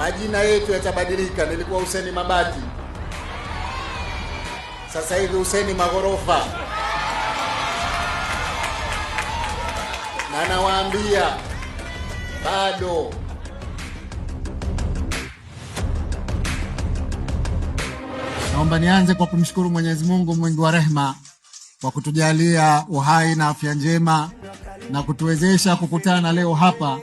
majina yetu yatabadilika. Nilikuwa Huseni Mabati, sasa hivi Huseni Maghorofa. Na nawaambia bado Naomba nianze kwa kumshukuru Mwenyezi Mungu mwingi wa rehema kwa kutujalia uhai na afya njema na kutuwezesha kukutana leo hapa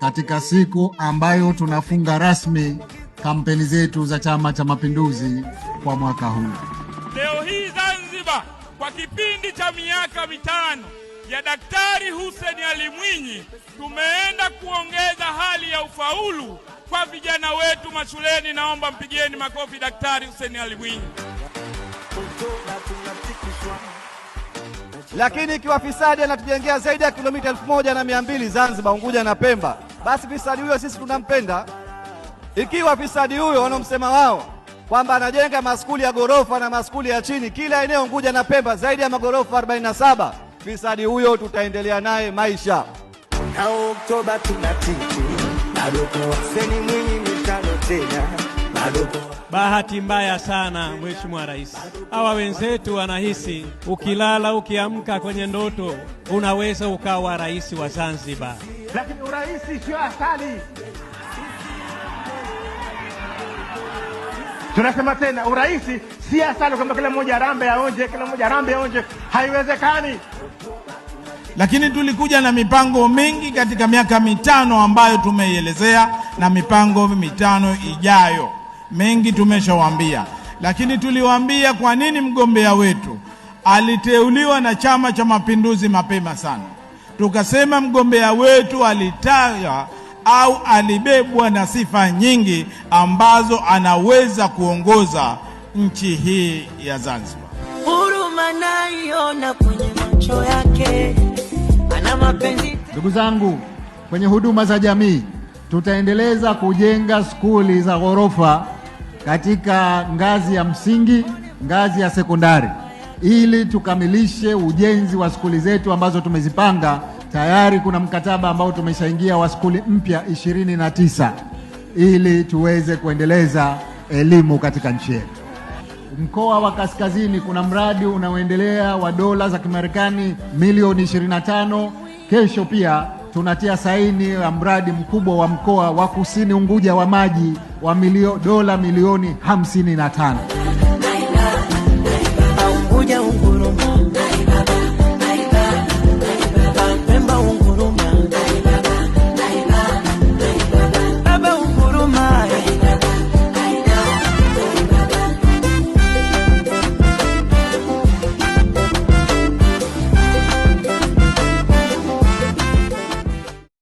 katika siku ambayo tunafunga rasmi kampeni zetu za Chama cha Mapinduzi kwa mwaka huu. Leo hii Zanzibar, kwa kipindi cha miaka mitano ya Daktari Hussein Ali Mwinyi, tumeenda kuongeza hali ya ufaulu kwa vijana wetu mashuleni. Naomba mpigieni makofi Daktari Hussein Ali Mwinyi. Lakini ikiwa fisadi anatujengea zaidi ya kilomita elfu moja na mia mbili Zanzibar, Unguja na Pemba basi fisadi huyo sisi tunampenda. Ikiwa fisadi huyo wanaomsema wao kwamba anajenga maskuli ya gorofa na maskuli ya chini kila eneo Unguja na Pemba, zaidi ya magorofa 47, fisadi huyo tutaendelea naye maisha na Oktoba tunatiki Bahati mbaya sana Mheshimiwa Rais, hawa wenzetu wanahisi ukilala ukiamka kwenye ndoto unaweza ukawa rais wa Zanzibar lakini urahisi sio asali. Tunasema tena, urahisi si asali, kwamba kila mmoja arambe aonje, kila mmoja arambe aonje, haiwezekani. Lakini tulikuja na mipango mingi katika miaka mitano ambayo tumeielezea na mipango mitano ijayo mengi tumeshawaambia, lakini tuliwaambia kwa nini mgombea wetu aliteuliwa na Chama cha Mapinduzi mapema sana tukasema mgombea wetu alitaja au alibebwa na sifa nyingi ambazo anaweza kuongoza nchi hii ya Zanzibar. Huruma naiona kwenye macho yake, ana mapenzi. Ndugu zangu, kwenye huduma za jamii tutaendeleza kujenga skuli za ghorofa katika ngazi ya msingi, ngazi ya sekondari ili tukamilishe ujenzi wa skuli zetu ambazo tumezipanga tayari. Kuna mkataba ambao tumeshaingia wa skuli mpya ishirini na tisa ili tuweze kuendeleza elimu katika nchi yetu. Mkoa wa Kaskazini kuna mradi unaoendelea wa dola za Kimarekani milioni 25. Kesho pia tunatia saini ya mradi mkubwa wa mkoa wa Kusini Unguja wa maji wa milio, dola milioni 55. Eu é um